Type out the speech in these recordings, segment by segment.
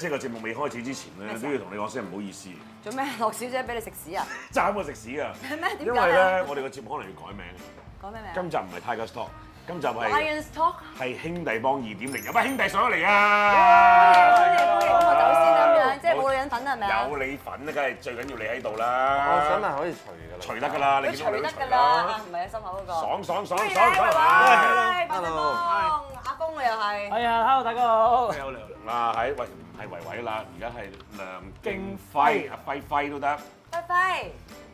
即係個節目未開始之前咧，都要同你講聲唔好意思做。做咩，樂小姐俾你食屎啊？爭我食屎啊？咩？點解咧？因為咧，我哋個節目可能要改名。改咩名？今集唔係《泰國 Stock》今集係，係兄弟幫二點零，有咩兄弟上咗嚟啊！歡迎歡迎，我走先咁樣，即係冇女人粉啦，係咪啊？有你粉咧，梗係最緊要你喺度啦！我想係可以除噶啦，除得噶啦，你除得噶啦，唔係你心口嗰個。爽爽爽爽爽！Hello，阿峰你又係？係啊，Hello，大家好。你好梁啊喺，喂唔係維維啦，而家係梁競徽，阿輝輝都得。輝輝。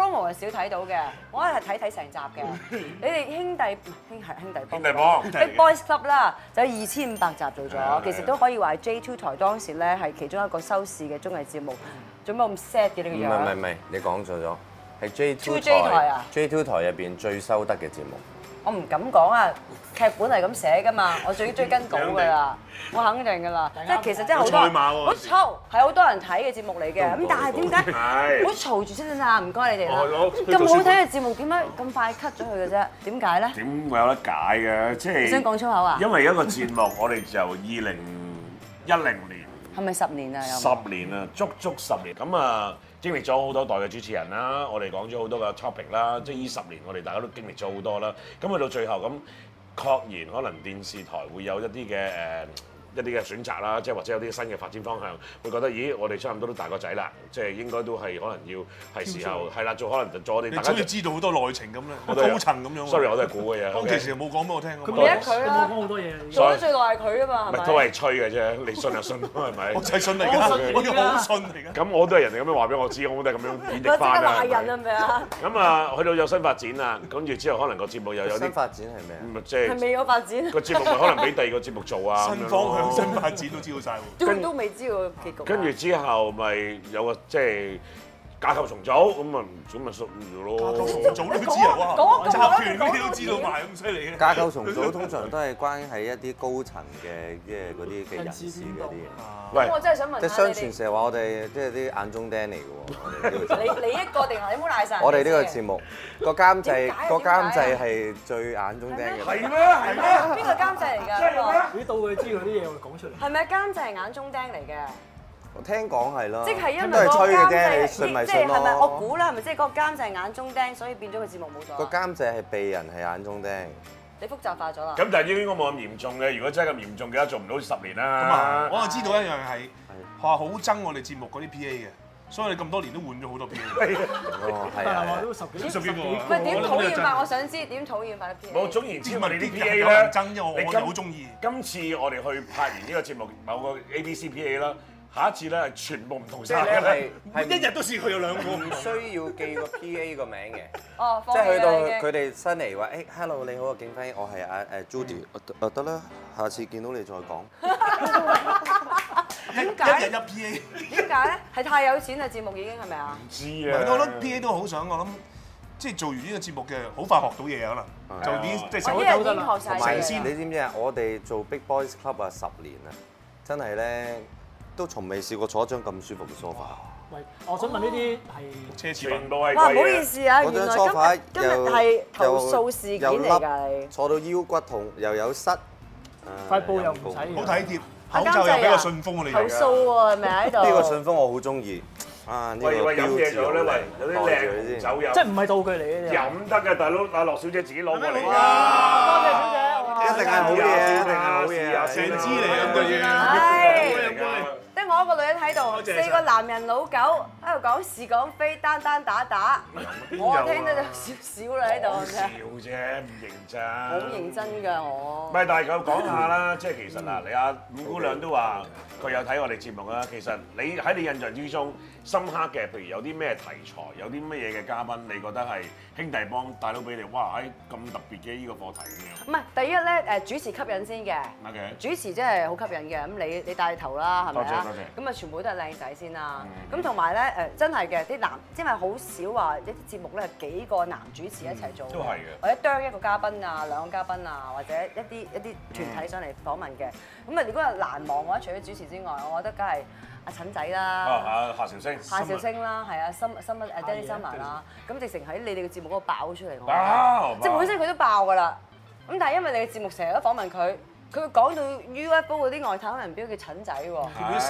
《高傲》係少睇到嘅，我係睇睇成集嘅。你哋兄弟兄弟兄弟幫，Big Boys Club 啦，就有二千五百集做咗，其實都可以話係 J Two 台當時咧係其中一個收視嘅綜藝節目。做乜咁 sad 嘅呢個樣？唔係唔係，你講錯咗，係 J Two J 台啊！J Two 台入邊最收得嘅節目。我唔敢講啊，劇本係咁寫噶嘛，我最追根稿噶啦，我肯定噶啦，即係其實真係好多。好嘈，係好多人睇嘅節目嚟嘅。咁但係點解？唔好嘈住先啦，唔該你哋啦。咁好睇嘅節目點解咁快 cut 咗佢嘅啫？點解咧？點會有得解嘅，即係。你想講粗口啊？因為一個節目，我哋就二零一零年。係咪十年啊？十年啊，足足十年咁啊！經歷咗好多代嘅主持人啦，我哋講咗好多嘅 topic 啦，即係呢十年我哋大家都經歷咗好多啦。咁去到最後咁，確然可能電視台會有一啲嘅誒。一啲嘅選擇啦，即係或者有啲新嘅發展方向，會覺得咦，我哋差唔多都大個仔啦，即係應該都係可能要係時候係啦，做可能就做我哋大家知道好多內情咁啦，高層咁樣。Sorry，我都係估嘅嘢。當其時冇講俾我聽。佢唔係佢啦。冇講好多嘢。所以最耐係佢啊嘛。咪都係吹嘅啫，你信就信咯，係咪？我真係信嚟嘅，我要好信嚟嘅。咁我都係人哋咁樣話俾我知，我都係咁樣演繹翻啦。嗰啲壞人啊，咪啊！咁啊，去到有新發展啊，跟住之後可能個節目又有啲新發展係咩咪即係。未有發展。個節目咪可能俾第二個節目做啊？ 新發展都知道晒喎，都都有跟未知道結局，跟住之後咪有個即係。就是架構重組咁咪咁咪屬於咯，重組都知啊，集團嗰啲都知道埋咁犀利嘅。架構重組通常都係關係一啲高層嘅，即係嗰啲嘅人事嗰啲嘢。喂，我真係想問，即係相傳成日話我哋即係啲眼中釘嚟嘅喎。你你一個定係你冇賴晒？我哋呢個節目個監製個監製係最眼中釘嘅。係咩？係咩？邊個監製嚟㗎？真係咩？你到佢知嗰啲嘢，我講出嚟。係咪監製眼中釘嚟嘅？我聽講係咯，都係吹嘅啫，你信咪信咯？我估啦，係咪即係嗰個監製眼中釘，所以變咗個節目冇咗。個監製係被人係眼中釘，你複雜化咗啦。咁但係應該冇咁嚴重嘅，如果真係咁嚴重嘅，做唔到十年啦。我就知道一樣係，話好憎我哋節目嗰啲 P A 嘅，所以你咁多年都換咗好多 P A。哦，係啊，都十幾十幾個。唔係點討厭法？我想知點討厭法啲 P A。我總言之，問你啲 P A 咧，你好中意。今次我哋去拍完呢個節目，某個 A B C P A 啦。下一次咧，全部唔同色嘅，因為一日都試佢有兩個，唔需要記個 P A 個名嘅，即係去到佢哋新嚟話，誒，hello，你好啊，競徽，我係啊誒 Judy，得啦，下次見到你再講。一日入 P A，點解咧？係太有錢嘅節目已經係咪啊？唔知啊。我覺得 P A 都好想，我諗即係做完呢個節目嘅，好快學到嘢可能，做啲即係手都收得啦。同埋你知唔知啊？我哋做 Big Boys Club 啊，十年啊，真係咧，都從未試過坐一張咁舒服嘅梳化。喂，我想問呢啲係奢侈品都係貴嘅。哇，唔好意思啊，原來梳化今日係投訴事件嚟㗎，坐到腰骨痛，又有塞，塊布又唔使，好體貼，口罩又俾個信封。啊，你投訴喎係咪喺度？呢個信封我好中意啊！喂喂，飲嘢咗咧，喂，有啲靚酒飲，即係唔係道具嚟㗎？飲得嘅大佬啊，樂小姐自己攞過嚟。多謝小姐，一定係好嘢，一定係好嘢，成支嚟咁嘅嘢。我一個女人喺度，謝謝四個男人老狗。喺度講是講非，單單打打，我聽得咗少少啦，喺度。笑啫，唔認真。好認真㗎，我。唔係，大概講下啦，即係其實嗱，你阿五姑娘都話佢有睇我哋節目啦。其實你喺你印象之中深刻嘅，譬如有啲咩題材，有啲乜嘢嘅嘉賓，你覺得係兄弟幫大佬俾你，哇！咁特別嘅呢個課題咁樣。唔係，第一咧，誒主持吸引先嘅。唔該。主持真係好吸引嘅，咁你你帶頭啦，係咪咁啊，全部都係靚仔先啦。咁同埋咧。誒真係嘅，啲男，因為好少話一啲節目咧，幾個男主持一齊做，都係嘅，或者哚一個嘉賓啊，兩個嘉賓啊，或者一啲一啲團體上嚟訪問嘅。咁啊，如果係難忘嘅話，除咗主持之外，我覺得梗係阿陳仔啦，啊夏韶聲，夏韶聲啦，係啊，新新阿 Danny Summer 啦，咁直情喺你哋嘅節目嗰度爆出嚟，爆，即本身佢都爆㗎啦。咁但係因為你嘅節目成日都訪問佢，佢講到 UFO 嗰啲外太空人，標叫陳仔喎，根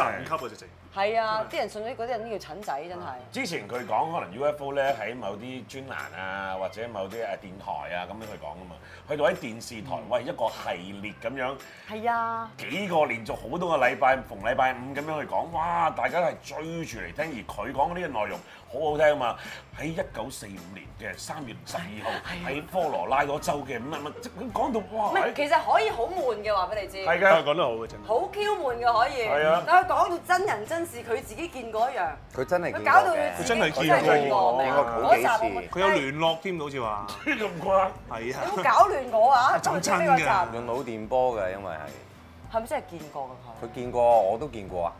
係啊！啲人信咗嗰啲人，呢叫蠢仔，真係、嗯。之前佢講可能 UFO 咧，喺某啲專欄啊，或者某啲誒電台啊咁樣去講啊嘛。去到喺電視台，喂、嗯、一個系列咁樣，係啊，幾個連續好多個禮拜，逢禮拜五咁樣去講，哇！大家係追住嚟聽，而佢講嗰啲內容。好好聽啊嘛！喺一九四五年嘅三月十二號，喺科羅拉多州嘅乜乜，講到哇！唔係，其實可以好悶嘅話俾你知。係嘅，講得好嘅程。好囂悶嘅可以。係啊。但係講到真人真事，佢自己見過一樣。佢真係。佢搞到越驚。佢真係見過，見過好幾次。佢有聯絡添，好似話。咁怪。係啊。要搞亂我啊！仲差嘅，用腦電波嘅，因為係。係咪真係見過㗎佢？佢見過，我都見過啊。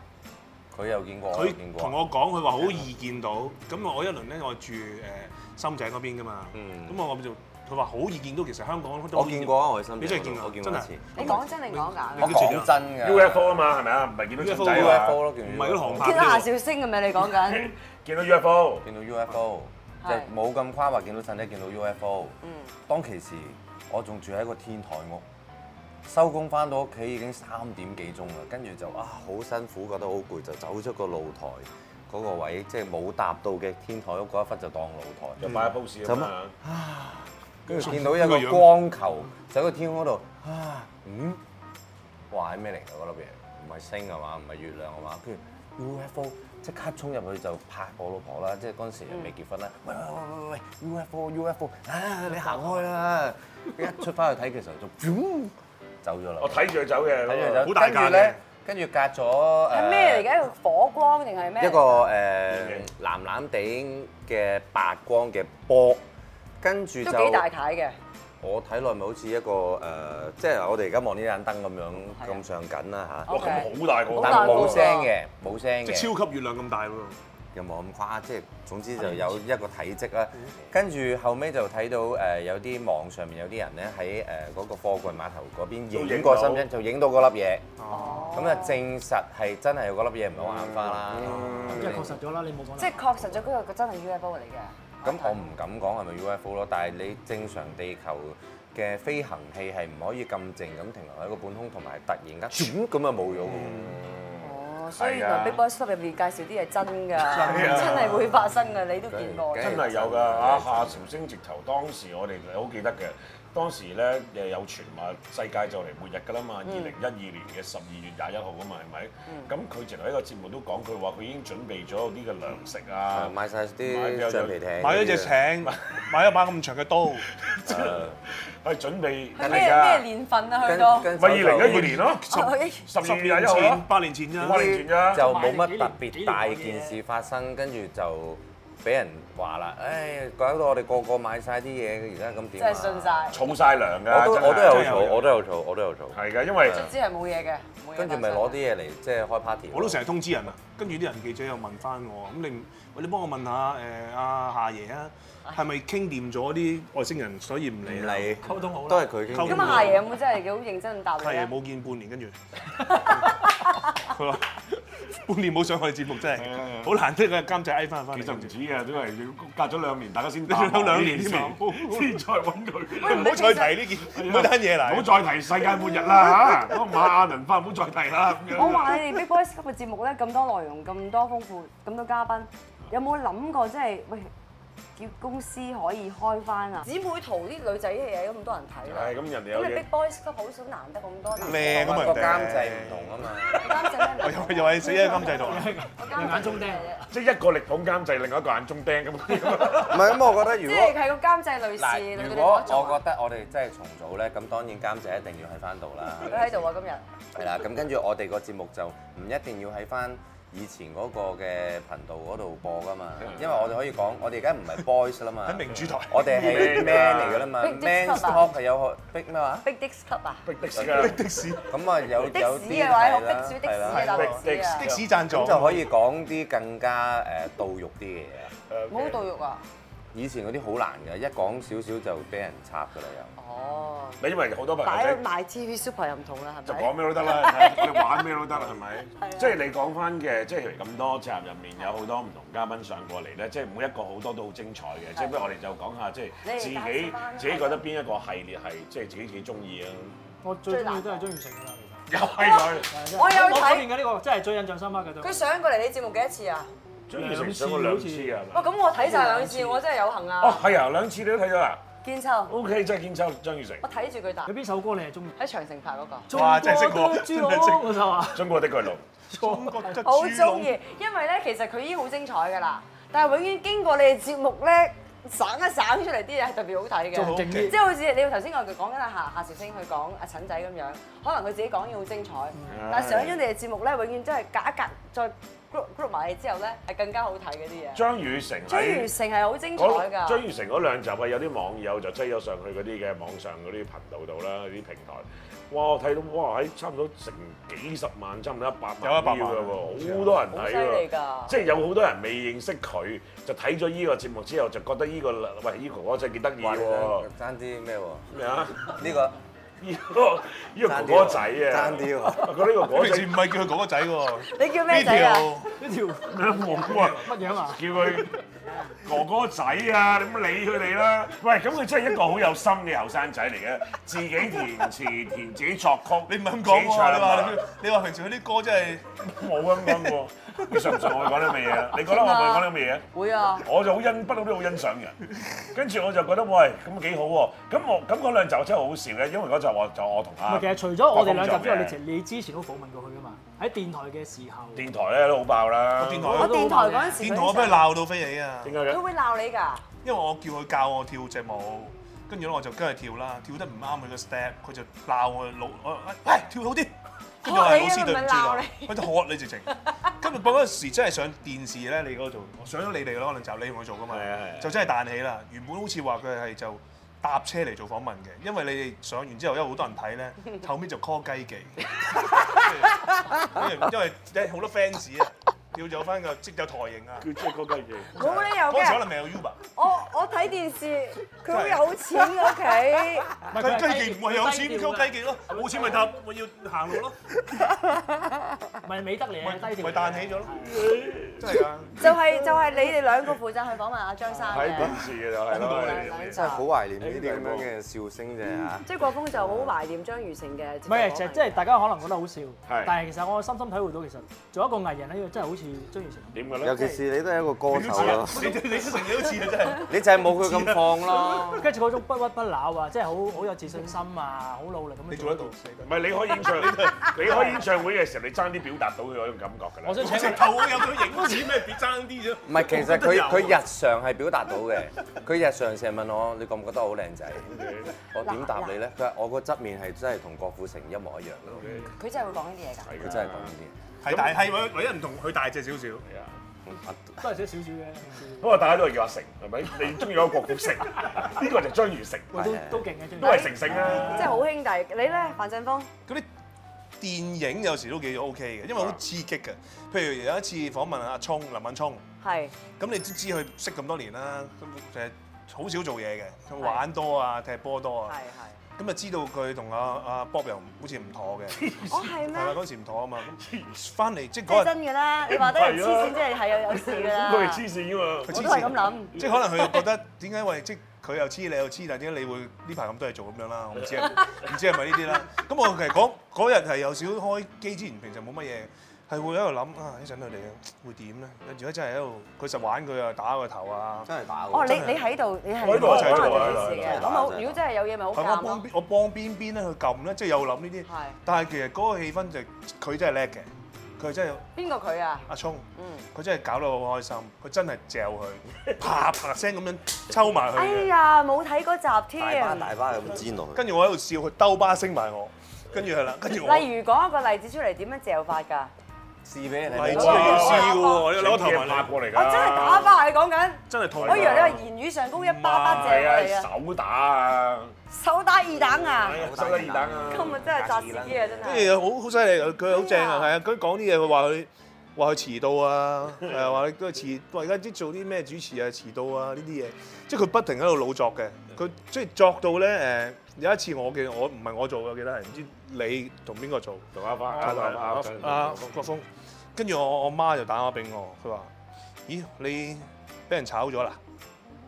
佢又見過，同我講佢話好易見到。咁我一輪咧，我住誒深井嗰邊噶嘛。咁我我就佢話好易見到，其實香港我見過啊，我喺深井，我見過一次。你講真定講假？我見到真噶 UFO 啊嘛，係咪啊？唔係見到飛碟啊？唔係見到航拍機。見到亞小星㗎咩？你講緊見到 UFO，見到 UFO，就冇咁誇話見到神啲，見到 UFO。當其時，我仲住喺個天台屋。收工翻到屋企已經三點幾鐘啦，跟住就啊好辛苦，覺得好攰，就走出個露台嗰個位，即係冇搭到嘅天台嗰一忽就當露台，嗯、又買 pose 咁啊。跟住見到一個光球喺個天空度，啊嗯，話係咩嚟㗎嗰度邊？唔係星係嘛，唔係月亮係嘛？跟住 UFO 即刻衝入去就拍我老婆啦，即係嗰陣又未結婚啦。喂喂喂喂喂，UFO UFO 啊你行開啦！一出翻去睇嘅時候就。走咗啦！我睇住佢走嘅，睇住佢走，好大架咧。跟住咧，跟住隔咗誒，係咩嚟嘅？一個火光定係咩？一個誒藍藍頂嘅白光嘅波，跟住就都幾大台嘅。我睇落咪好似一個誒，即係我哋而家望呢盞燈咁樣咁上緊啦吓？哇！咁好大個，但冇聲嘅，冇聲嘅，即係超級月亮咁大囉。又冇咁誇，即係總之就有一個體積啦。跟住、嗯、後尾就睇到誒有啲網上面有啲人咧喺誒嗰個貨櫃碼頭嗰邊影過相，就影到嗰粒嘢。哦。咁就證實係真係有嗰粒嘢唔係眼花啦。咁、嗯嗯、就係確實咗啦，嗯、你冇講。即係確實咗，嗰真係 UFO 嚟嘅。咁我唔敢講係咪 UFO 咯，但係你正常地球嘅飛行器係唔可以咁靜咁停留喺一個半空，同埋突然間咁就冇咗。嗯。所以《Big Boys Club》入面介紹啲嘢係真㗎，的真係會發生㗎，你都見過。對真係有㗎，阿對夏朝升直頭，對當時我哋好記得嘅。當時咧誒有傳話世界就嚟末日㗎啦嘛，二零一二年嘅十二月廿一號㗎嘛，係咪？咁佢成日喺個節目都講佢話佢已經準備咗啲嘅糧食啊，買曬啲橡皮艇，買咗隻艇，買一把咁長嘅刀，係準備咩咩年份啊？去到咪二零一二年咯，十二月廿一號咯，八年前咋，八年前咋，就冇乜特別大件事發生，跟住就。俾人話啦，唉、哎，搞到我哋個個買晒啲嘢，而家咁點？真係信晒，儲晒糧㗎。我都我都有儲，我都有儲，我都有儲。係㗎，因為接通知人冇嘢嘅。跟住咪攞啲嘢嚟，即係開 party。我都成日通知人啊，跟住啲人記者又問翻我，咁你，你幫我問下誒阿夏爺啊，係咪傾掂咗啲外星人，所以唔嚟嚟？理溝通好都係佢溝通好。咁阿夏爺有冇真係好認真答你啊？冇見半年，跟住。 半年冇上佢節目真係，好難得嘅監製嗌翻翻。其實唔止嘅，都係隔咗兩年，大家先。得有兩年先先再揾佢。唔好再提呢件，唔好聽嘢啦。唔好再提世界末日啦嚇，都阿倫返，唔好再提啦。我話你哋 Big Boys 今個節目咧，咁多內容，咁多豐富，咁多嘉賓，有冇諗過即係喂？叫公司可以開翻啊！姊妹淘啲女仔戲啊，咁多人睇啦。係咁，人哋有。咁你 Big Boys Club 都好少難得咁多。咩？咁個監製唔同啊嘛。監製咧我又又係死喺監製度啊！用眼中釘即係一個力捧監製，另外一個眼中釘咁。唔係咁，我覺得如果你係個監製類似。如果我覺得我哋真係重組咧，咁當然監製一定要喺翻度啦。佢喺度啊！今日。係啦，咁跟住我哋個節目就唔一定要喺翻。以前嗰個嘅頻道嗰度播㗎嘛，因為我哋可以講，我哋而家唔係 boys 啦嘛，喺明珠台，我哋係 man 嚟㗎啦嘛，man talk 係有 Big 咩話？Big Dick Club 啊！Big Dick，Big Dick，咁啊有有啲係啦，係啦，的士的士賺咗，咁就可以講啲更加誒盜慾啲嘅嘢，唔好盜慾啊！以前嗰啲好難嘅，一講少少就俾人插㗎啦又。哦。你因為好多朋友。買買 TV Super 又唔同啦，係咪？就講咩都得啦，你玩咩都得啦，係咪？係啊。即係你講翻嘅，即係譬如咁多集入面有好多唔同嘉賓上過嚟咧，即係每一個好多都好精彩嘅，即係不如我哋就講下即係自己自己覺得邊一個系列係即係自己幾中意啊？我最中意都係中意食㗎。又係佢。我有睇。我睇完嘅呢個，真係最印象深刻嘅。佢上過嚟你節目幾多次啊？張宇成上過兩次啊嘛，哇！咁我睇晒兩次，我真係有幸啊。哦，係啊，兩次你都睇咗啦。堅秋 O K，真係堅秋。張宇成，我睇住佢彈。佢邊首歌你係中意？喺長城拍嗰個。哇！真係識講。中國的巨龍。 中國的巨 龍。好中意，因為咧，其實佢已經好精彩噶啦，但係永遠經過你哋節目咧。省一省出嚟啲嘢係特別好睇嘅，好即係好似你頭先我講緊啊夏夏韶聲去講阿陳仔咁樣，可能佢自己講嘢好精彩，嗯、但係上咗你嘅節目咧，永遠真係隔一隔再 group group 埋之後咧係更加好睇嗰啲嘢。張雨成張雨成係好精彩㗎。張雨成嗰兩集啊，有啲網友就追咗上去嗰啲嘅網上嗰啲頻道度啦，啲平台。哇！我睇到哇喺差唔多成幾十萬，差唔多一百萬票，好多人睇喎，即係有好多人未認識佢，就睇咗呢個節目之後就覺得呢、呢個喂依、呢個真係幾得意喎，爭啲咩喎？咩啊麼？呢、 呢個。呢 個哥哥仔啊！爭啲喎，佢呢個哥哥仔喎。你叫咩仔啊？呢條兩毛啊？乜嘢啊？叫佢哥哥仔啊！你咪理佢哋啦。喂，咁佢真係一個好有心嘅後生仔嚟嘅，自己填詞填，填，填，填自己作曲。你唔係咁講喎？錯啦嘛？你話平時佢啲歌真係冇咁啱喎。你信唔信我講啲咩嘢啊？了你覺得我會講啲咩嘢？會啊！我就好欣，不嬲都好欣賞嘅。跟住我就覺得喂，咁幾好喎！咁我咁嗰兩集真係好笑咧，因為嗰集我就我同阿唔係，其實除咗我哋工兩集之外，你你之前都訪問過佢噶嘛？喺電台嘅時候，電台咧都好爆啦。電台嗰陣時，電台我俾佢鬧到飛起啊！點解佢會鬧你㗎？因為我叫佢教我跳隻舞，跟住咧我就跟佢跳啦，跳得唔啱佢個 step，佢就鬧我老喂，誒、哎，跳好啲。跟住我係，老師對唔住你，跟住學你直情。 今日播嗰陣時真係上電視咧，你嗰度上咗你哋咯，可能就你同我做噶嘛，就真係彈起啦。原本好似話佢係就搭車嚟做訪問嘅，因為你哋上完之後因為好多人睇咧，後尾就 call 雞記， 因為好多 fans 啊。叫做翻個即有台型啊！叫即嗰個嘢，我咧又嘅。嗰時可能未有 Uber。我我睇電視，佢好有錢嘅屋企。唔係，佢低調唔係有錢，佢低調咯。冇錢咪搭，咪要行路咯。咪美得你，咪彈起咗咯。真係㗎！就係就係你哋兩個負責去訪問阿張生嘅。睇電視嘅就係咯。真係好懷念呢啲咁樣嘅笑聲啫嚇。即國峰就好懷念張雨綺嘅。唔係，其實即係大家可能覺得好笑，但係其實我深深體會到，其實做一個藝人咧，真係好。中意食點㗎咧？尤其是你都係一個歌手咯。你你成日都似真係！你就係冇佢咁放咯。跟住嗰種不屈不撓啊，即係好好有自信心啊，好努力咁，你做得到。唔係你開演唱，你開演唱會嘅時候，你爭啲表達到佢嗰種感覺㗎啦。我想請我有佢影子咩？別爭啲啫。唔係，其實佢佢日常係表達到嘅。佢日常成日問我：你覺唔覺得我好靚仔？我點答你咧？佢話：我個側面係真係同郭富城一模一樣。佢真係會講呢啲嘢㗎。佢真係講呢啲嘢。但係唯唯一唔同佢大隻少少。係啊，都係少少少嘅。咁啊，大家都係叫阿成，係咪？你中意嗰個郭富城？呢個就章魚成。都都勁嘅，都係成成啊！即係好兄弟。你咧，范振鋒？嗰啲電影有時都幾 OK 嘅，因為好刺激嘅。譬如有一次訪問阿聰林敏聰，係的。咁你知知佢識咁多年啦，咁其實好少做嘢嘅，玩多啊，踢波多啊。的咁咪知道佢同阿阿 Bob 又好似唔妥嘅，哦，係咩？係啊，嗰陣時唔妥啊嘛。翻嚟即係講真嘅啦！你話得係黐線，即係係有有事啦。咁佢黐線㗎嘛？佢黐線咁諗。即係可能佢覺得點解喂？即佢又黐，你又黐，但點解你會呢排咁多嘢做咁樣啦？我唔知啊，唔知係咪呢啲啦。咁我其實講嗰日係有少開機之前，平常冇乜嘢。係會喺度諗啊！一陣佢哋會點咧？如果真係喺度，佢實玩佢啊，打個頭啊！真係打！哦，你你喺度，你係攞齊做嘅事嘅。我冇。如果真係有嘢，咪好尷尬。我幫邊，我幫邊邊咧去撳咧，即係有諗呢啲。係。但係其實嗰個氣氛就係佢真係叻嘅，佢係真係。邊個佢啊？阿聰。嗯。佢真係搞到好開心，佢真係嚼佢，啪啪聲咁樣抽埋佢。哎呀，冇睇嗰集添。大把大把嘅。唔知內。跟住我喺度笑，佢兜巴聲埋我，跟住係啦，跟住我。例如講一個例子出嚟，點樣嚼法㗎？試俾人睇，唔係專業嘅師嘅喎，你攞個頭髮發過嚟㗎啦！我真係打返，你講緊，真係，我以為你係言語上高一巴巴正。係啊，手打啊！手打二等啊！係啊，手打二等啊！今日真係炸自己啊！真係，跟住好好犀利，佢好正啊，係啊，佢講啲嘢，佢話佢話佢遲到啊，係話佢都係遲，而家啲做啲咩主持啊，遲到啊呢啲嘢，即係佢不停喺度老作嘅，佢即係作到咧誒。 有一次我記我唔係我做嘅記得係唔知你同邊個做？同阿阿國峰。跟住和和我我媽就打電話俾我，佢話：咦你俾人炒咗啦？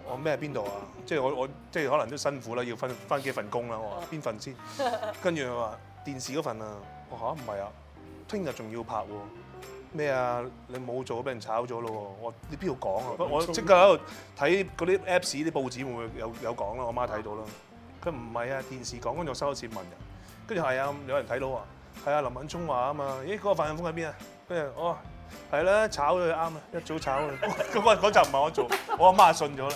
我咩邊度啊？即係我我即係可能都辛苦啦，要分翻幾份工啦。我話邊份先？跟住佢話電視嗰份啊。我吓？唔係啊！聽日仲要拍咩啊？你冇做俾人炒咗咯？我你邊度講啊？我即刻喺度睇嗰啲 Apps 啲報紙會唔會有有講咯？我媽睇到啦。佢唔係啊，電視講緊就收咗錢問人，跟住係啊，有人睇到啊，係啊，林敏聰話啊嘛，咦，嗰、那個范振鋒喺邊啊？跟住哦，係啦、啊，炒咗就啱啊，一早炒佢，咁我嗰集唔係我做，我阿媽，媽就信咗啦。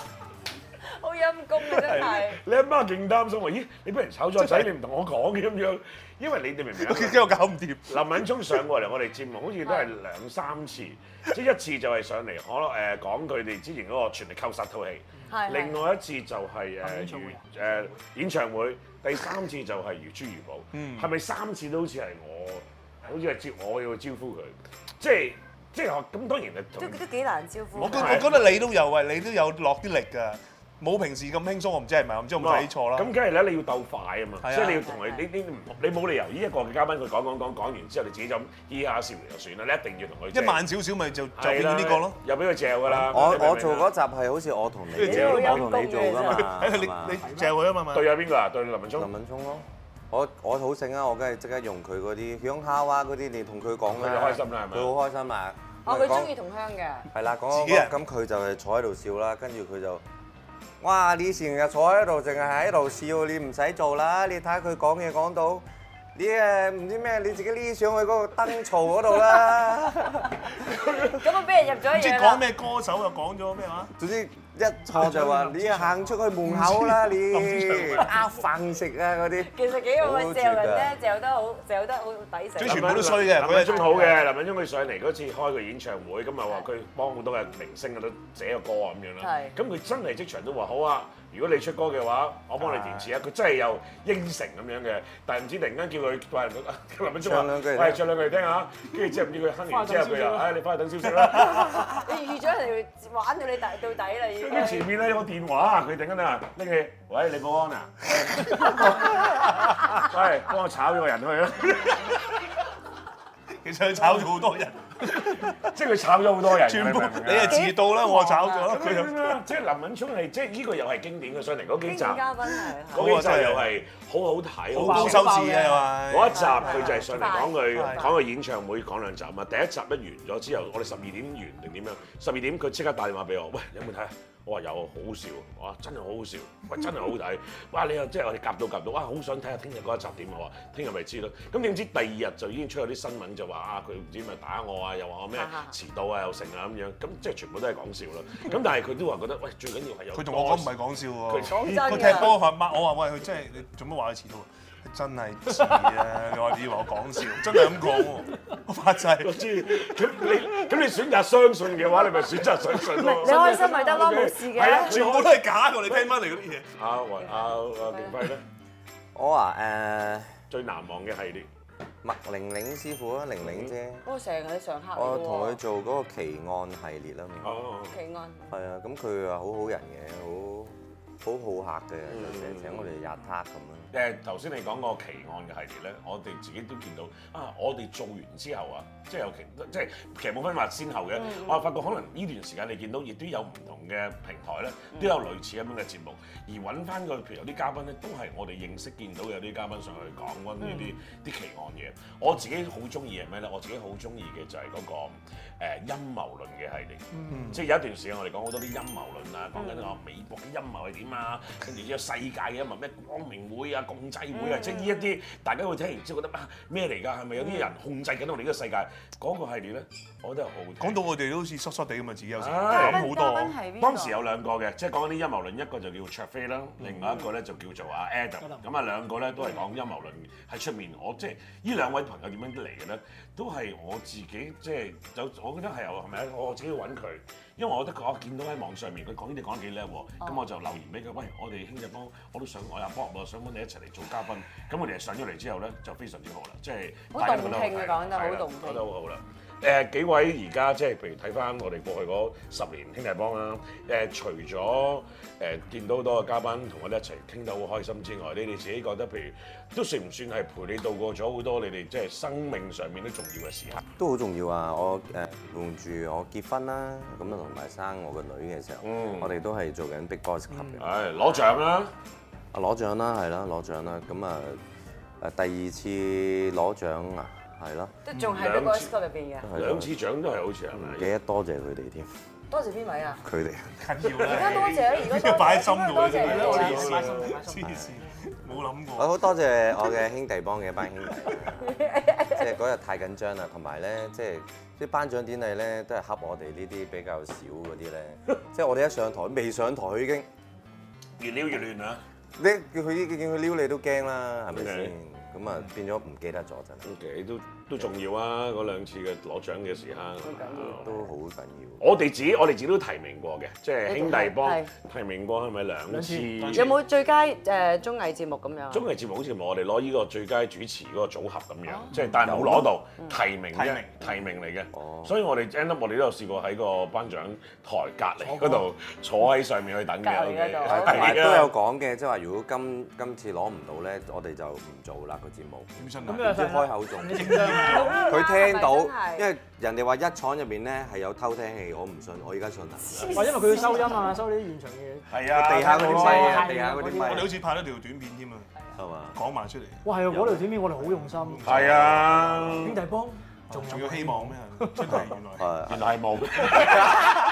擔心真係，你阿媽勁擔心喎！咦，你俾人炒咗仔，你唔同我講嘅咁樣，因為你哋明唔明，我搞唔掂。林敏聰上過嚟，我哋節目，好似都係兩三次，即是的 一次就係上嚟我誒講佢哋之前嗰個全力扣殺套戲，是的 另外一次就係誒如演唱會，第三次就係如珠如寶，嗯，係咪三次都好似係我，好似係接我要招呼佢，即即係咁當然嘅，都都幾難招呼我。我的我覺得你都有啊，你都有落啲力㗎。冇平時咁輕鬆，我唔知係咪，我唔知有冇睇錯啦。咁梗係咧，你要鬥快啊嘛，所以你要同佢呢呢，你冇理由依一個嘉賓佢講講講講完之後，你自己就笑下笑下就算啦。你一定要同佢，一慢少少咪就就變咗呢個咯，又俾佢嚼噶啦。我我做嗰集係好似我同你，我同你做噶嘛，你你嚼佢啊嘛嘛。對啊邊個啊？對林敏聰。林敏聰咯，我我好醒啊！我梗係即刻用佢嗰啲香烤啊嗰啲，你同佢講嘅，佢就開心啦，係咪？佢好開心啊！哦，佢中意同鄉嘅。係啦，講緊咁佢就係坐喺度笑啦，跟住佢就。哇！你成日坐喺度，淨係喺度笑，你唔使做啦。你睇佢講嘢講到，你誒唔知咩，你自己匿上去嗰個燈槽嗰度啦。咁啊，俾人入咗嘢。即係講咩歌手又講咗咩話，總之。一錯就話你行出去門口啦，你呃飯食啊嗰啲。其實幾好嘅，嚼人咧嚼得好，嚼得好抵食。全部都衰嘅，林敏驄好嘅，林敏驄將佢上嚟嗰次開個演唱會，咁咪話佢幫好多嘅明星嗰度寫個歌啊咁樣啦。咁佢是的 真係職場都話好啊。如果你出歌嘅話，我幫你填詞啊！佢真係有應承咁樣嘅，但係唔知突然間叫佢話林敏驄話：喂，唱兩句嚟聽下。跟住之後唔知佢哼完之後，佢又：哎，你翻去等消息啦。你預咗人嚟玩到你到底啦已經。前面咧有個電話，佢突然間啊拎起：喂，你保安啊，喂，幫我炒咗個人去啦。其實佢炒咗好多人。 即係佢炒咗好多人，全部你啊自刀啦，欸、我炒咗啦。即係林敏聰係，即係呢個又係經典嘅上嚟嗰幾集。經典嘉賓係。嗰幾集,幾集又係好好睇，好好收視啊嘛。一集佢就係上嚟講佢講個演唱會，講兩集啊嘛。第一集一完咗之後，我哋十二點完定點樣？十二點佢即刻打電話俾我，喂，有冇睇啊？我話有好笑，啊，哇！真係好好笑，哇！ 真係好睇，哇！你又即係我哋夾到夾唔到，哇！好想睇下聽日嗰一集點喎，聽日咪知咯。咁點知第二日就已經出咗啲新聞就，就話啊佢唔知咪打我啊，又話我咩遲到啊， 又成啊咁樣。咁即係全部都係講笑啦。咁 但係佢都話覺得，喂，最緊要係有。佢同我講唔係講笑喎，佢踢波嚇，抹我話喂，佢真係你做乜話佢遲到？啊？」真係似啊！你話你話我講笑，真係咁講喎。我發誓，我知咁你咁你選擇相信嘅話，你咪選擇相信咯。你開心咪得咯，冇事嘅。全部都係假嘅，你聽翻嚟嗰啲嘢。阿雲阿阿定輝咧，我話誒最難忘嘅係啲麥玲玲師傅啊，玲玲姐。嗰個成日喺上客。我同佢做嗰個奇案系列啦嘛。哦，奇案。係啊，咁佢又好好人嘅，好好客嘅，又成日請我哋入塔咁啊。誒頭先你講個奇案嘅系列咧，我哋自己都見到啊！我哋做完之後啊，即係有其，即係其實冇分話先後嘅。嗯、我發覺可能呢段時間你見到亦都有唔同嘅平台咧，嗯、都有類似咁樣嘅節目，而揾翻個譬如有啲嘉賓咧，都係我哋認識見到嘅有啲嘉賓上去講嗰啲啲奇案嘢。我自己好中意係咩咧？我自己好中意嘅就係嗰個誒陰謀論嘅系列，即係、嗯、有一段時間我哋講好多啲陰謀論啊，講緊個美國嘅陰謀係點啊，跟住之後世界嘅陰謀咩光明會啊～啊！共濟會啊！即係呢一啲，大家會聽完之後覺得咩嚟㗎？係、啊、咪有啲人控制緊我哋呢個世界？嗰、嗯、個系列咧。我覺得好。講到我哋都好似濕濕地咁啊，自己有時諗好、啊、多、啊。當時有兩個嘅，即係講啲陰謀論，一個就叫卓飛啦，另外一個咧就叫做阿 Adam 咁啊、嗯，兩個咧都係講陰謀論喺出、嗯、面。我即係呢兩位朋友點樣嚟嘅咧？都係我自己即係有，我覺得係由係咪我自己揾佢，因為我覺得我見到喺網上面佢講呢啲講得幾叻喎，咁、嗯、我就留言俾佢。喂、哎，我哋兄弟幫，我都想我又幫，我想揾你一齊嚟做嘉賓。咁我哋上咗嚟之後咧，就非常之好啦，即係好動聽啊！講到好動聽，得，覺得好好啦。誒幾位而家即係，譬如睇翻我哋過去嗰十年兄弟幫啦。誒除咗誒見到好多個嘉賓同我哋一齊傾到好開心之外，你哋自己覺得譬如都算唔算係陪你度過咗好多你哋即係生命上面都重要嘅時刻？都好重要啊！我誒跟住我結婚啦，咁啊同埋生我個女嘅時候，嗯、我哋都係做緊 Big Boys Club 嘅。嗯、攞獎啦！啊攞獎啦，係啦，攞獎啦！咁啊誒第二次攞獎啊！係咯，即仲係嗰個 studio 入邊嘅，兩次獎都係好似唔記得多謝佢哋添？多謝邊位啊？佢哋緊要而家多謝，而家擺心度，多謝咧，我哋黐線，黐線，冇諗過。我好多謝我嘅兄弟幫嘅一班兄弟，即係嗰日太緊張啦，同埋咧，即係啲頒獎典禮咧都係恰我哋呢啲比較少嗰啲咧，即係我哋一上台未上台，佢已經越撩越亂啦。你佢佢見佢撩你都驚啦，係咪先？咁啊，變咗唔記得咗真係。Okay。都重要啊！嗰兩次嘅攞獎嘅時間都好緊要。我哋自己，我哋自己都提名過嘅，即係兄弟幫提名過，係咪兩次？有冇最佳誒綜藝節目咁樣？綜藝節目好似冇，我哋攞呢個最佳主持嗰個組合咁樣，即係但係冇攞到提名啫，提名嚟嘅。哦，所以我哋 end up 我哋都有試過喺個頒獎台隔離嗰度坐喺上面去等嘅。隔離都有講嘅，即係話如果今今次攞唔到咧，我哋就唔做啦個節目。認真啊！啲開口仲。佢聽到，因為人哋話一廠入面咧係有偷聽器，我唔信，我依家信啦。哇，因為佢要收音啊，收呢啲現場嘅嘢。係啊，地下嗰啲咪啊，地下嗰啲咪。我哋好似拍咗條短片添啊，係嘛，講埋出嚟。哇，係啊，嗰條短片我哋好用心。係啊，兄弟幫，仲仲有希望咩？原來原來係冇。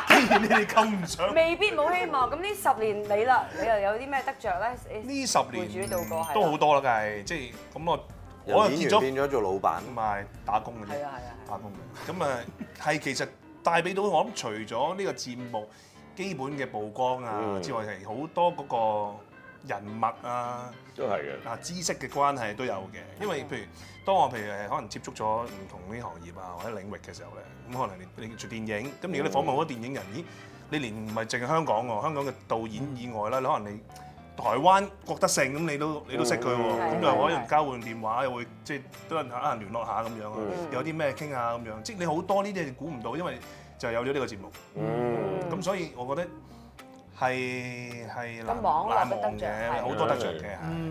既然呢啲跟唔上，未必冇希望。咁呢十年你啦，你又有啲咩得著咧？呢十年都好多啦，梗係即係咁我。我又變咗變咗做老闆，同埋打工嘅啫，打工嘅。咁啊，係其實帶俾到我諗，除咗呢個節目基本嘅曝光啊之外，係好多嗰個人物啊，都係嘅。啊，知識嘅關係都有嘅。因為譬如當我譬如係可能接觸咗唔同啲行業啊或者領域嘅時候咧，咁可能你你做電影，咁如果你訪問好多電影人，咦？你連唔係淨係香港喎，香港嘅導演以外啦，你可能你。台灣郭德勝，咁你都你都識佢喎，咁又可能交換電話又、嗯、會即係多人啊聯絡下咁樣啊，嗯、有啲咩傾下咁樣，嗯、即係你好多呢啲係估唔到，因為就有咗呢個節目，咁、嗯、所以我覺得係係難、嗯、難忘嘅，好多得著嘅，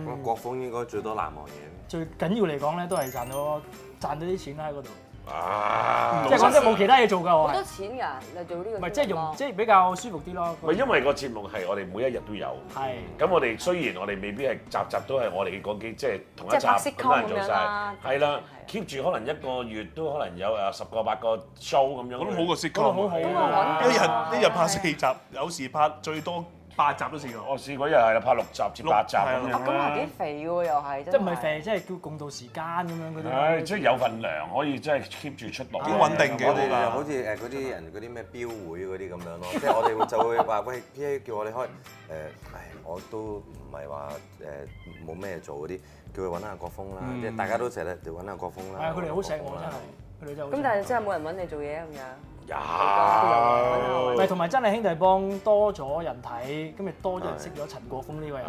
咁國峰應該最多難忘嘢、嗯。最緊要嚟講咧，都係賺到賺到啲錢喺嗰度。啊！即係我真係冇其他嘢做㗎喎，好多錢㗎，嚟做呢個唔係即係用，即係比較舒服啲咯。唔係因為個節目係我哋每一日都有，係咁我哋雖然我哋未必係集集都係我哋嗰幾即係同一集咁樣做晒，係啦，keep 住可能一個月都可能有誒十個八個 show 咁樣，咁好過攝構，一日一日拍四集，有時拍最多。八集都試過，我試過一係拍六集至八集咁樣，咁又幾肥喎，又係真係。即唔係肥，即係叫共度時間咁樣嗰啲。唉，即有份糧，可以即係 keep 住出糧，幾穩定嘅。我哋好似誒嗰啲人，嗰啲咩標會嗰啲咁樣咯。即我哋就會話喂，P 叫我哋開誒，我都唔係話誒冇咩做嗰啲，叫佢揾下國峰啦。即大家都成日就揾下國峰啦。佢哋好錫我真係，真係。咁但係真係冇人揾你做嘢咁樣。有，咪同埋真係兄弟幫多咗人睇，咁咪多咗人識咗陳國峰呢個人，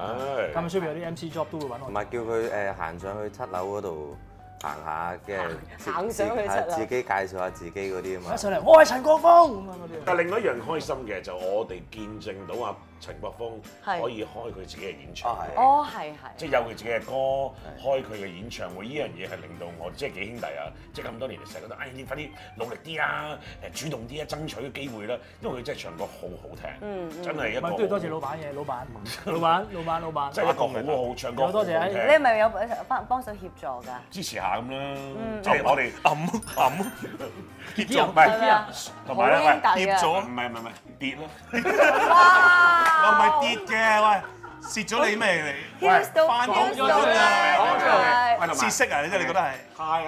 咁咪所以有啲 MC job 都會揾我，咪叫佢誒行上去七樓嗰度行下，嘅行上去七樓，自己介紹下自己嗰啲啊嘛。翻上嚟，我係陳國峰。但係另外一樣開心嘅就我哋見證到啊。陳國峰可以開佢自己嘅演唱會，哦係係，即係有佢自己嘅歌，開佢嘅演唱會，呢樣嘢係令到我即係幾兄弟啊！即係咁多年嚟成日覺得，哎你快啲努力啲啦，誒主動啲啊，爭取嘅機會啦，因為佢真係唱歌好好聽，真係一個。唔多謝老闆嘅老闆，老闆老闆老闆，即係一個好好唱歌。好多謝你，你係咪有幫幫手協助㗎？支持下咁啦，即係我哋揞揞協助，唔係同埋咧跌咗，唔係唔係跌咯。哇！我唔係跌嘅，喂！蝕咗你咩嚟？翻到咗啦，蝕色啊！真係你覺得係？係啊！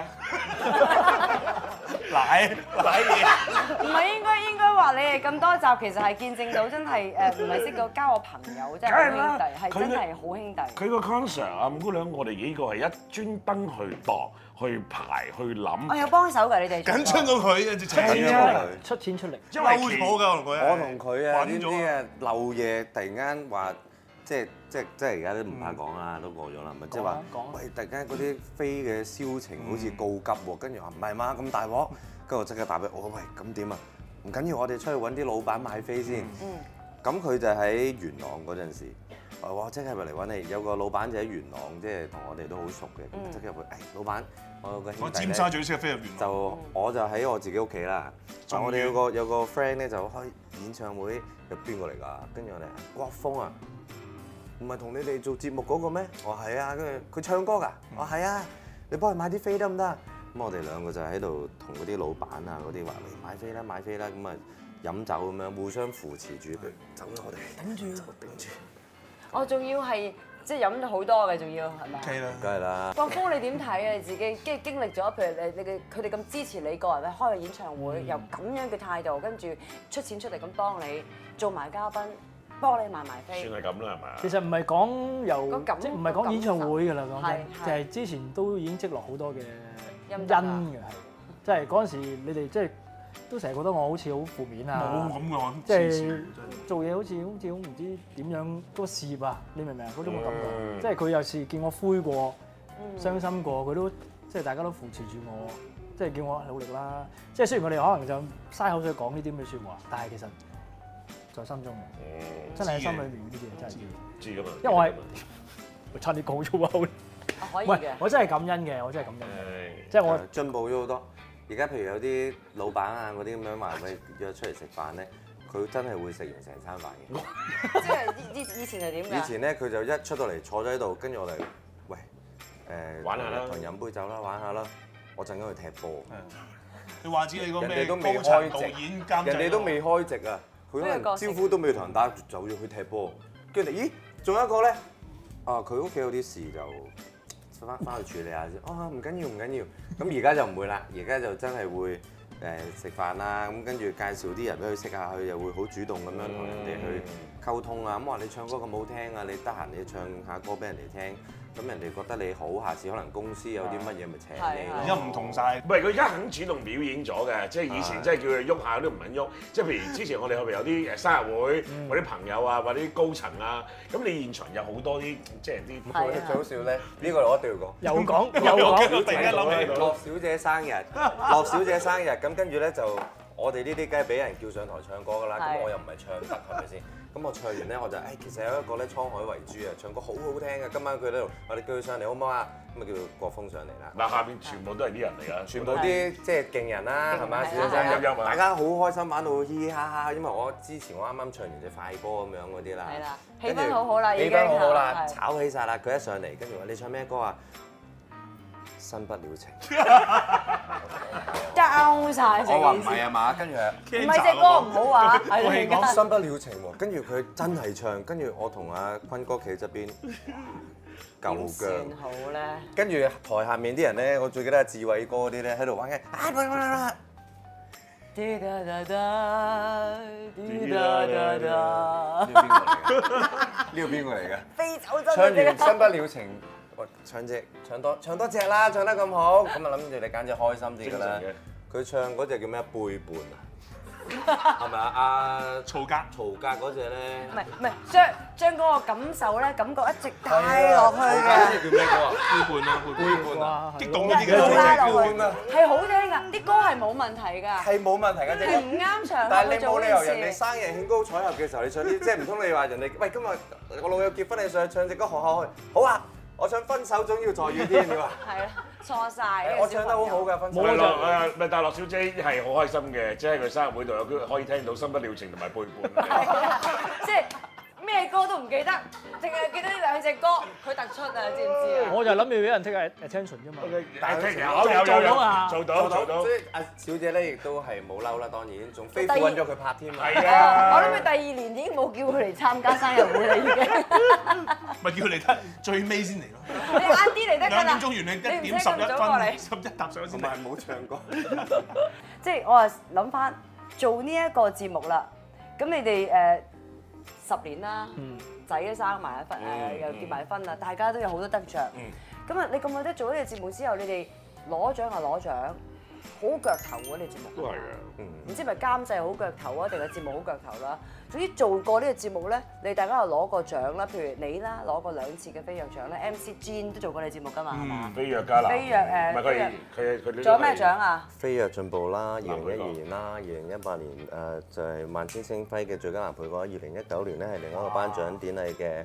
奶奶！唔係應該應該話你哋咁多集，其實係見證到真係誒，唔係識到交個朋友，真係兄弟係真係好兄弟。佢個 concert 啊，五姑娘，我哋幾個係一專登去度。去排去諗，我有幫手㗎，你哋緊張到佢，出錢出力，出是錢出力。因為會火㗎，我同佢啊，我同佢啊，呢啲嘅流嘢突然間話，即係即係即係而家都唔怕講啦，都過咗啦，唔係即係話，吧說吧 喂，突然間嗰啲飛嘅銷情好似告急喎，跟住話唔係嘛？咁大鑊，跟住我即刻打俾我，喂，咁點啊？唔緊要，我哋出去揾啲老闆買飛先。嗯，咁佢就喺元朗嗰陣時。我即刻入嚟揾你，有個老闆就喺元朗，即係同我哋都好熟嘅，咁即刻入去。誒，老闆，我有個兄弟我尖沙咀車飛入元朗。就我就喺我自己屋企啦。還有 我哋有個有個 friend 咧就開演唱會，入邊過嚟㗎。跟住我哋國峰啊，唔係同你哋做節目嗰個咩？我係啊，跟住佢唱歌㗎。我係啊，你幫佢買啲飛得唔得？咁我哋兩個就喺度同嗰啲老闆啊嗰啲話你買飛啦，買飛啦，咁啊飲酒咁樣互相扶持住。佢走啦我哋，頂住啊，頂住著。著.我仲要係即係飲咗好多嘅，仲要係嘛？O K 啦，梗係啦。國峰，你點睇啊？自己即係經歷咗，譬如誒你嘅佢哋咁支持你個人咧，開個演唱會，由咁樣嘅態度，跟住出錢出嚟咁幫你做埋嘉賓，幫你買埋飛。算係咁啦，係嘛？其實唔係講由即唔係講演唱會噶啦，講就係之前都已經積落好多嘅恩嘅，係即係嗰陣時你哋即係。都成日覺得我好似好負面啊！咁嘅，即係做嘢好似好似好唔知點樣嗰個事業啊！你明唔明啊？嗰種感覺，即係佢有時見我灰過、傷心過，佢都即係大家都扶持住我，即係叫我努力啦。即係雖然我哋可能就嘥口水講呢啲咁嘅説話，但係其實在心中嘅，真係喺心裏面呢啲嘢真係知。知啊，因為我係我差啲講粗口！可我真係感恩嘅，我真係感恩嘅，即係我進步咗好多。而家譬如有啲老闆啊，嗰啲咁樣話，咪約出嚟食飯咧，佢真係會食完成餐飯嘅。即係 以前係點？以前咧，佢就一出到嚟坐咗喺度，跟住我哋喂誒玩下啦，同人飲杯酒啦，玩下啦。我陣間去踢波。你話知你個咩高層導演監製？人哋都未開席啊，佢可能招呼都未同人打走咗去踢波。跟住咦，仲有一個咧，啊佢屋企有啲事就，翻翻去處理下先，哦，唔緊要唔緊要，咁而家就唔會啦，而家就真係會誒食飯啦，咁跟住介紹啲人俾佢識下，佢又會好主動咁樣同人哋去溝通啊，咁話你唱歌咁好聽啊，你得閒你唱下歌俾人哋聽。咁人哋覺得你好，下次可能公司有啲乜嘢咪請你，而家唔同晒，唔係佢而家肯主動表演咗嘅，即係以前真係叫佢喐下都唔肯喐。即係譬如之前我哋後面有啲誒生日會，或者朋友啊，或啲高層啊，咁你現場有好多啲即係啲，對 對 最好笑咧，呢個我一定要講。有講有講說，我突然間諗起，樂小姐生日，樂小姐生日，咁跟住咧就我哋呢啲梗係俾人叫上台唱歌㗎啦。咁對 我又唔係唱得，係咪先？咁我唱完咧，我就誒，其實有一個咧，滄海為珠啊，唱歌好好聽嘅。今晚佢喺度，我哋叫佢上嚟好唔好啊？咁啊，叫國峰上嚟啦。嗱，下邊對 全部都係啲人嚟㗎，全部啲即係勁人啦，係咪？大家好開心，玩到嘻嘻哈哈，因為我之前我啱啱唱完隻快歌咁樣嗰啲啦，吧後氣氛好好啦，已經氣氛好好啦，的炒起晒啦。佢一上嚟，跟住話，你唱咩歌啊？《新不了情》鳩晒 我話唔係啊嘛，跟住唔係隻歌唔好話。我話、那個《新不了情》，跟住佢真係唱，跟住我同阿坤哥企喺側邊，舊嘅。點算好咧？跟住台下面啲人咧，我最記得志偉哥啲咧喺度玩嘅。啊！呢呢飛走真嘅。唱完《新不了情》。 唱隻唱多唱多隻啦，唱得咁好，咁啊諗住你簡直開心啲㗎啦！正常嘅。佢唱嗰隻叫咩背叛啊？係咪啊？阿曹格曹格嗰隻咧？唔係唔係，將將嗰個感受咧，感覺一直帶落去嘅。呢隻叫咩歌啊？背叛啊，背叛啊！激動到啲人拉攏啊！係好聽㗎，啲歌係冇問題㗎。係冇問題㗎，正。唔啱唱。但係你冇理由人哋生日興高采烈嘅時候，你唱啲即係唔通你話人哋喂今日我老友結婚，你上去唱隻歌學下去，好啊？我想分手總要在雨天。你 話樂？係啊，錯晒，我唱得好好㗎，說分手對。冇人落，唔係但係小姐係好開心嘅，即係佢生日會度有可以聽到《心不了情》同埋《背叛對》錯，即係。咩歌都唔記得，淨係記得呢兩隻歌，佢突出啊，知唔知啊？我就諗住俾人 take attention 啫嘛，但係其實我有有有啊，做到做到。即係阿小姐咧亦都係冇嬲啦，當然仲飛去揾咗佢拍添啊。我諗佢第二年已經冇叫佢嚟參加生日會啦，已經。咪叫你得最尾先嚟咯。你晏啲嚟得啦。兩點鐘完，一點十一分，十一搭上。同埋冇唱歌。即係我話諗翻做呢一個節目啦，咁你哋誒。十年啦，仔都、嗯、生埋一份，誒、嗯、又結埋婚啦，大家都有好多得著。咁啊、嗯，你咁耐都做咗呢個節目之後，你哋攞獎啊攞獎。好腳頭呢個、嗯、節目都係嘅，唔知咪監製好腳頭啊，定係節目好腳頭啦。總之做過呢個節目咧，你大家又攞過獎啦。譬如你啦，攞過兩次嘅飛躍獎啦。MC Jin 都做過你節目㗎嘛？嗯，吧飛躍加啦。飛躍誒，飛躍。攞咩躍獎啊？飛躍進步啦，二零一二年啦，二零一八年誒就係萬千星輝嘅最佳男配角。二零一九年咧係另一個頒獎典禮嘅。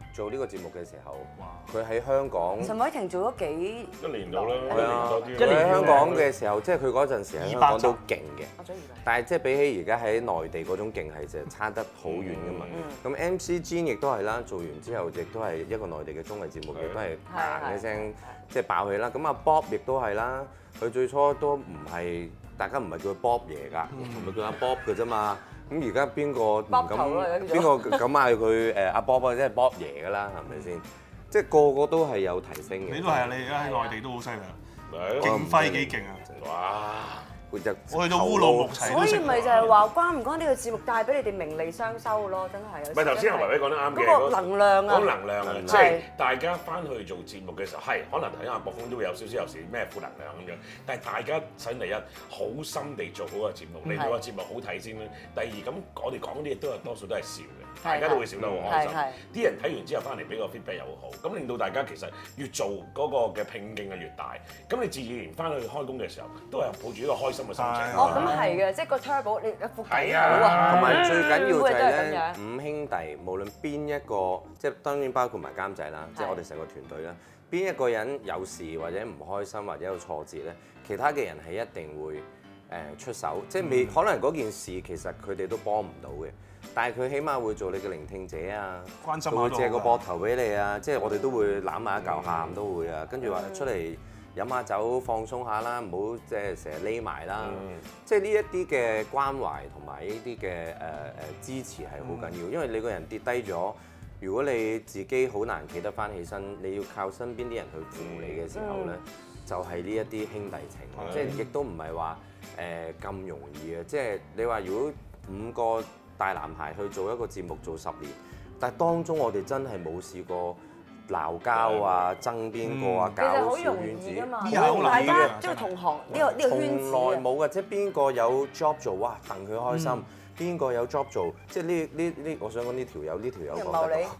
做呢個節目嘅時候，哇，佢喺香港。陳偉霆做咗幾？一年到啦。係啊，一年，喺香港嘅時候，即係佢嗰陣時喺香港都勁嘅。但係即係比起而家喺內地嗰種勁係，就差得好遠噶嘛。咁 MC Jin 亦都係啦，做完之後亦都係一個內地嘅綜藝節目，亦都係嘭一聲，即係爆氣啦。咁阿 Bob 亦都係啦，佢最初都唔係大家唔係叫佢 Bob 爺噶，唔係叫阿 Bob 嘅啫嘛。咁而家邊個唔敢？邊個敢嗌佢誒阿 Bob 或者係 Bob 爺㗎啦，係咪先？即係 個個都係有提升嘅。你都係啊！你而家喺內地都好犀利啦，競的 輝幾勁啊！ 哇我去到烏魯木齊，所以咪就係話關唔關呢個節目帶俾你哋名利雙收咯？真係。唔係頭先阿維維講得啱嘅，嗰個能量啊，好能量啊，即係對 大家翻去做節目嘅時候，係可能睇先阿博峯都會有少少有時咩負能量咁樣，但係大家想第一好心地做好個節目，令對 到個節目好睇先啦。對 第二咁我哋講啲嘢都係多數都係笑。大家都會笑得好開心，啲人睇完之後翻嚟俾個 feedback 又好，咁令到大家其實越做嗰、那個嘅拼勁就越大。咁你自然然翻去開工嘅時候，都係抱住一個開心嘅心情。哦，咁係嘅，即係個 turbo 你一副計簿啊，同埋是的 哇 最緊要係咧、就是、五兄弟，無論邊一個，即係當然包括埋監製啦，是的 即係我哋成個團隊啦，邊一個人有事或者唔開心或者有挫折咧，其他嘅人係一定會誒出手，即係未、嗯、可能嗰件事其實佢哋都幫唔到嘅。但係佢起碼會做你嘅聆聽者啊，關心會借個膊頭俾你啊，即係我哋都會攬下、嗯、一嚿喊都會啊，跟住話出嚟飲下酒放鬆下啦，唔好即係成日匿埋啦。即係呢一啲嘅關懷同埋呢啲嘅誒誒支持係好緊要，嗯、因為你個人跌低咗，如果你自己好難企得翻起身，你要靠身邊啲人去扶你嘅時候咧，嗯、就係呢一啲兄弟情，即係亦都唔係話誒咁容易啊。即係你話如果五個大男孩去做一個節目做十年，但係當中我哋真係冇試過鬧交啊、對爭邊個啊、嗯、搞小圈子，有嚟嘅，即係同行呢、呢個呢、啊、個圈子啊。從來冇嘅，即係邊個有 job 做，哇，戥佢開心；邊個、嗯、有 job 做，即係呢呢呢，我想講呢條友呢條友，呢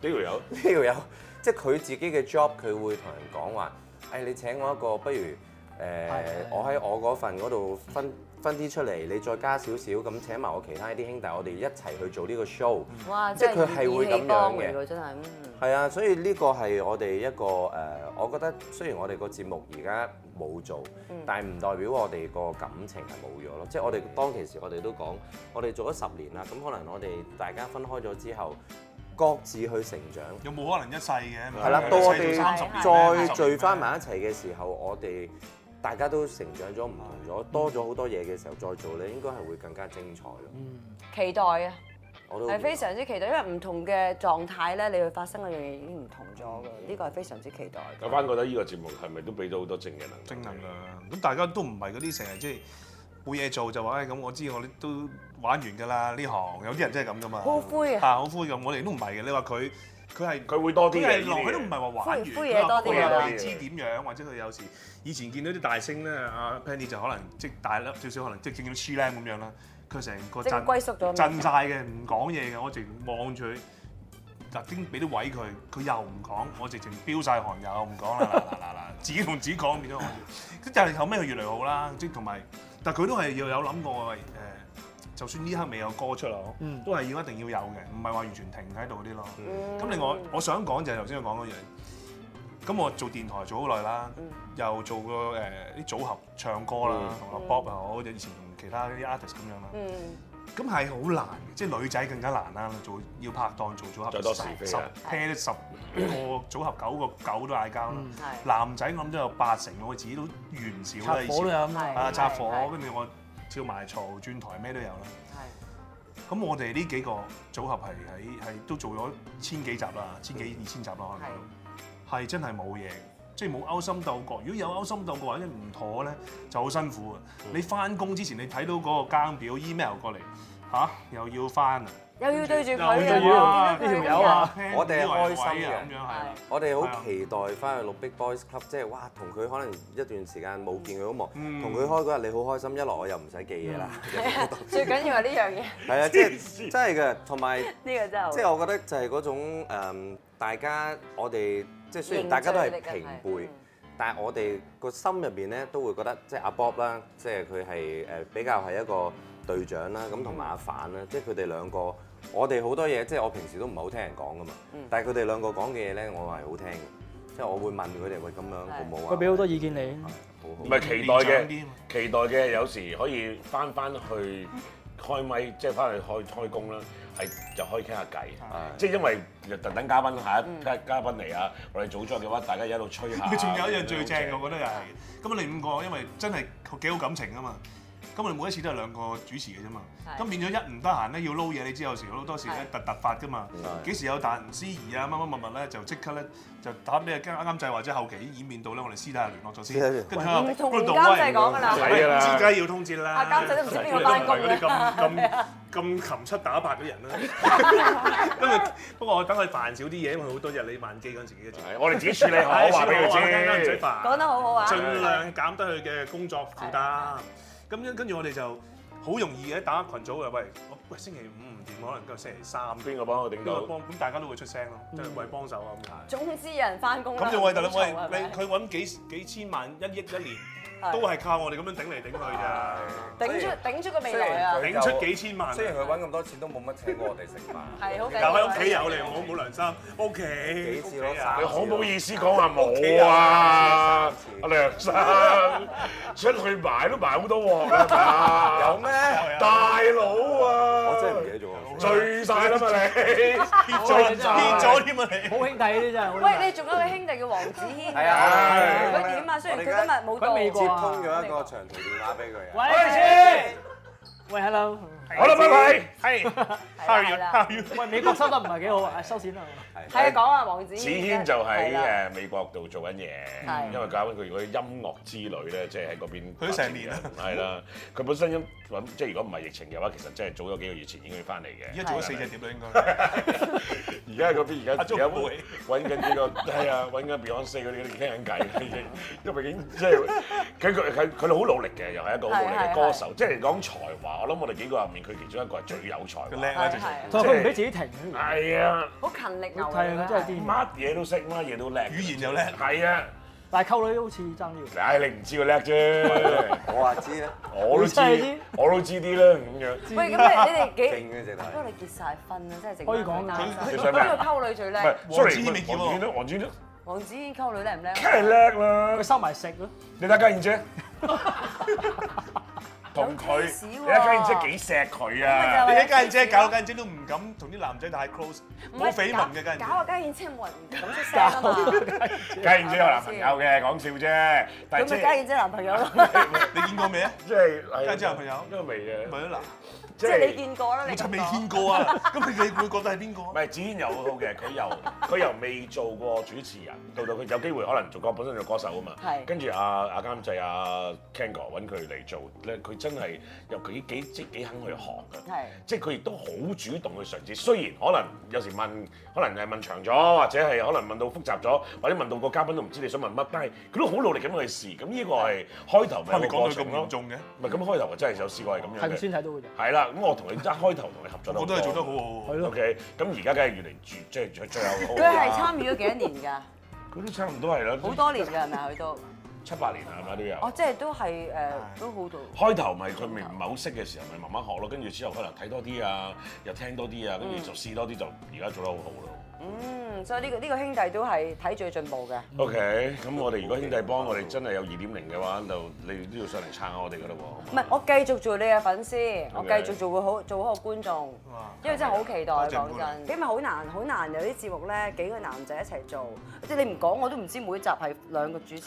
條友呢條友，即係佢自己嘅 job，佢會同人講話：誒、哎，你請我一個，不如誒，呃、Okay. 我喺我嗰份嗰度分。分啲出嚟，你再加少少咁請埋我其他啲兄弟，我哋一齊去做呢個 show。哇！即係佢係會咁樣嘅。係啊，所以呢個係我哋一個誒，我覺得雖然我哋個節目而家冇做，但係唔代表我哋個感情係冇咗咯。即係我哋當其時，我哋都講，我哋做咗十年啦。咁可能我哋大家分開咗之後，各自去成長。有冇可能一世嘅？係啦，到我哋再聚翻埋一齊嘅時候，我哋。大家都成長咗唔同咗，多咗好多嘢嘅時候再做咧，應該係會更加精彩咯。嗯，期待啊，我都係非常之期待，因為唔同嘅狀態咧，你會發生嗰樣嘢已經唔同咗嘅，呢個係非常之期待。講翻覺得呢個節目係咪都俾咗好多正嘅能量？正能量！咁大家都唔係嗰啲成日即係冇嘢做就話咁，哎、我知我哋都玩完㗎啦呢行，有啲人真係咁噶嘛。好灰啊！吓，好灰咁，我哋都唔係嘅。你話佢。佢係佢會多啲，佢都唔係話玩完。嘢佢唔知點樣，或者佢有時以前見到啲大星咧，阿 Penny 就可能即、就是、大粒，少少可能即係見到 Chilam 咁樣啦。佢成個陣，即係震曬嘅，唔講嘢嘅，我直望住佢，嗱先俾啲位佢，佢又唔講，我直情飆晒汗又唔講啦，嗱嗱嗱，自己同自己講變咗， 但係後尾佢越嚟越好啦，即係同埋，但係佢都係要有諗過嘅。就算呢刻未有歌出嚟，都係要一定要有嘅，唔係話完全停喺度嗰啲咯。咁另外，我想講就係頭先我講嗰樣。咁我做電台做好耐啦，又做過誒啲組合唱歌啦，同阿 Bob 又好，以前同其他啲 artist 咁樣啦。咁係好難嘅，即係女仔更加難啦。做要拍檔做組合，最多十 pair 十個組合，九個九都嗌交啦。男仔我諗都有八成，我自己都完少啦。以前啊，拆夥跟住我。超賣錯轉台咩都有啦，咁的我哋呢幾個組合係喺係都做咗千幾集啦，的千幾二千集啦，可能係真係冇嘢，即係冇勾心鬥角。如果有勾心鬥角話，一唔妥咧就好辛苦嘅的。你翻工之前你睇到嗰個更表 email 過嚟，嚇、啊、又要翻。又要對住佢嘅，呢條友啊！我哋係開心嘅，我哋好期待翻去錄 Big Boys Club，即係哇，同佢可能一段時間冇見佢好忙，同佢開嗰日你好開心，一來我又唔使記嘢啦。係啊，最緊要係呢樣嘢。係啊，即係真係嘅，同埋呢個真。即係我覺得就係嗰種大家我哋即係雖然大家都係平輩，但係我哋個心入邊咧都會覺得，即係阿 Bob 啦，即係佢係誒比較係一個隊長啦，咁同埋阿 Fun 啦，即係佢哋兩個。我哋好多嘢，即係我平時都唔係好聽人講㗎嘛，但係佢哋兩個講嘅嘢咧，我係好聽即係我會問佢哋會咁樣好唔好啊？佢俾好多意見你，唔係期待嘅，期待嘅有時可以翻翻去開咪，即係翻去開開工啦，係就可以傾下偈，即係因為特登嘉賓嚇，嘉賓嚟啊，我哋組裝嘅話，大家一路吹下。仲有一樣最正我覺得又係，咁啊，你五個，因為真係幾好感情啊嘛。咁我哋每一次都係兩個主持嘅啫嘛，咁變咗一唔得閒咧要撈嘢，你知有時好多時咧突突發噶嘛，幾時有彈私事啊乜乜乜乜咧就即刻咧就打俾啱啱製，或者後期演變到咧我哋私底下聯絡咗先，跟住阿關道威唔同阿監製講㗎啦，唔知雞要通知啦，阿監製都唔知邊個班工，嗰啲咁咁咁勤出打拍嘅人啦。因為不過我等佢煩少啲嘢，因為好多日理萬機咁自己嘅事，我哋自己處理好，我話俾佢知，講得好好啊，儘量減低佢嘅工作負擔。咁樣跟住我哋就好容易嘅打群組嘅，喂，我喂星期五唔掂，可能到星期三邊個幫我頂到？咁大家都會出聲咯，即係、嗯、為幫手啊咁解。總之有人翻工咁就偉大啦，喂，你佢揾幾幾千萬一億一年。 都係靠我哋咁樣頂嚟頂去㗎，頂出頂出個未來啊！頂出幾千萬，雖然佢搵咁多錢都冇乜請過我哋食飯，係屋企有你，我冇良心，屋企幾次攞散，你好冇意思講下冇啊！阿梁生出去買都買好多喎，有咩大佬啊？我真係唔記得咗醉晒啦嘛你，跌咗跌咗添啊你，好兄弟啲真係。喂，你仲有個兄弟叫黃子軒，佢點啊？雖然佢今日冇到，佢未接通咗一個長途電話俾佢啊。喂，喂，hello。好啦，拜拜。係，係啦。喂，美國收得唔係幾好啊？收錢啊？係啊，講啊，黃子。子軒就喺誒美國度做緊嘢，因為講緊佢如果音樂之旅咧，即係喺嗰邊。佢成年啦。係啦，佢本身音即係如果唔係疫情嘅話，其實即係早咗幾個月前應該要翻嚟嘅。而家做咗四隻碟啦，應該。而家喺嗰邊，而家而家揾緊幾個，係啊，揾緊 Beyonce 嗰啲傾緊偈。因為畢竟即係佢佢佢哋好努力嘅，又係一個好努力嘅歌手。即係嚟講才華，我諗我哋幾個入面。佢其中一個係最有才，佢叻啦，就係即係唔俾自己停，係啊，好勤力牛睇啊，真係啲乜嘢都識，乜嘢都叻，語言又叻，係啊。但係溝女好似爭啲，唉，你唔知佢叻啫。我話知啦，我都知，我都知啲啦，咁樣。喂，咁即係你哋幾勁嘅？不過你結晒婚啊，即係剩。可以講啊，佢呢個溝女最叻。唔係，sorry，黃黃子健都，黃子健溝女叻唔叻？梗係叻啦，佢收埋食啦。你睇嘉怡姐。同佢，你家燕姐幾錫佢啊？你家燕姐搞到家燕姐都唔敢同啲男仔太 close，冇緋聞嘅家燕姐。搞到家燕姐冇人唔敢出聲啊嘛。家燕姐有男朋友嘅，講笑啫。咁家燕姐男朋友咯？你見過未啊？即係家燕姐男朋友？因為未嘅。唔係啊嗱，即係你見過啦。你就未見過啊？咁你你會覺得係邊個？唔係子軒又好嘅，佢又佢又未做過主持人，到到佢有機會可能做過，本身做歌手啊嘛。係。跟住阿阿監製阿 Ken 哥揾佢嚟做咧，佢。 真係又幾幾即幾肯去學㗎，即係佢亦都好主動去嘗試。雖然可能有時問，可能係問長咗，或者係可能問到複雜咗，或者問到個嘉賓都唔知你想問乜，但係佢都好努力咁去試。咁呢個係開頭咪講到咁嚴重嘅？唔係咁開頭啊，我真係有試過係咁嘅。係咁先睇到㗎。係啦，咁我同你即係開頭同你合作， 我都係做得好了好,越越好。係咯。O K，咁而家梗係越嚟越即係最後。佢係參與咗幾年 多, 多,多年㗎？佢都 差唔多係啦。好多年㗎係咪佢都。 七八年係咪都有？哦，即係都係誒，都好做。開頭咪佢未唔係好識嘅時候，咪慢慢學咯。跟住之後可能睇多啲啊，又聽多啲啊，跟住就試多啲，就而家做得好好咯。嗯，所以呢個呢個兄弟都係睇住佢進步嘅。OK，咁我哋如果兄弟幫我哋真係有二點零嘅話，就你都要上嚟撐我哋㗎啦喎。唔係，我繼續做你嘅粉絲，我繼續做個好做個觀眾，因為真係好期待講真。因為好難好難有啲節目咧，幾個男仔一齊做，即係你唔講我都唔知每集係兩個主持，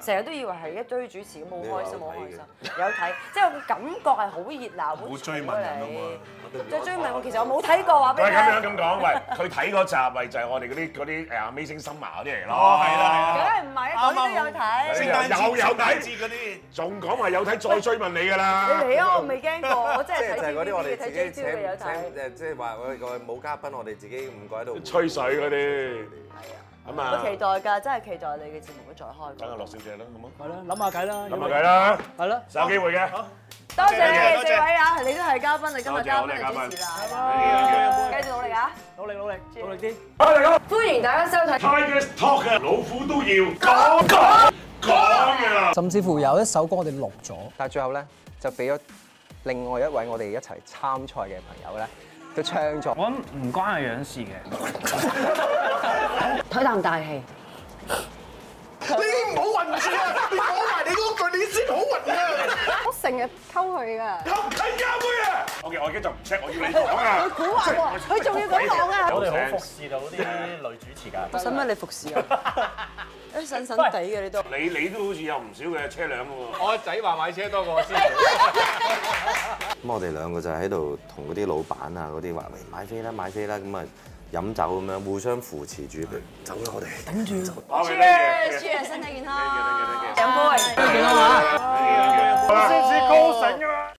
成成日都以為係一堆主持都好開心，好開心有睇，即係個感覺係好熱鬧，好追問你，再追問我。其實我冇睇過話。俾你咁樣咁講，唔係佢睇嗰集，咪就係我哋嗰啲嗰啲誒 Amazing Summer 嗰啲嚟咯。哦，係啦，係啦，唔係，我都有睇。有有睇知嗰啲，仲講話有睇，再追問你㗎啦。你唔係啊？我未驚過，我真係。即係就係嗰啲我哋自己請請誒，即係話我我冇嘉賓，我哋自己唔該到。吹水嗰啲。係啊。咁啊！我期待㗎，真係期待你嘅節目會再開。等下樂小姐啦，咁啊，係啦，諗下計啦，諗下計啦，係啦，有機會嘅。多謝你哋四位啊，你都係嘉賓，你今日嘉賓主持啦，繼續努力啊，努力努力，努力啲。好，大家歡迎大家收睇 Tigers Talk 嘅《老虎都要講講講嘅》。甚至乎有一首歌我哋錄咗，但係最後咧就俾咗另外一位我哋一齊參賽嘅朋友咧。都唱咗，我諗唔關佢樣事嘅。睇啖大氣。你唔好混住啊！你講埋你嗰句，你先好混噶。我成日溝佢噶。溝緊家妹啊！OK，我而家就唔 check，我要你講啊。你估下，佢仲要咁講啊！我哋服侍到啲女主持㗎。我使乜你服侍啊？啲神神地嘅你都。你你都好似有唔少嘅車輛㗎喎。我仔話買車多過我先。咁我哋兩個就喺度同嗰啲老闆啊，嗰啲話明買飛啦，買飛啦咁啊。飲酒咁樣互相扶持住，佢走啦、啊、我哋，等住 Cheers，Cheers 身體健康，飲、OK，杯，身體健康嚇，先至高成啊！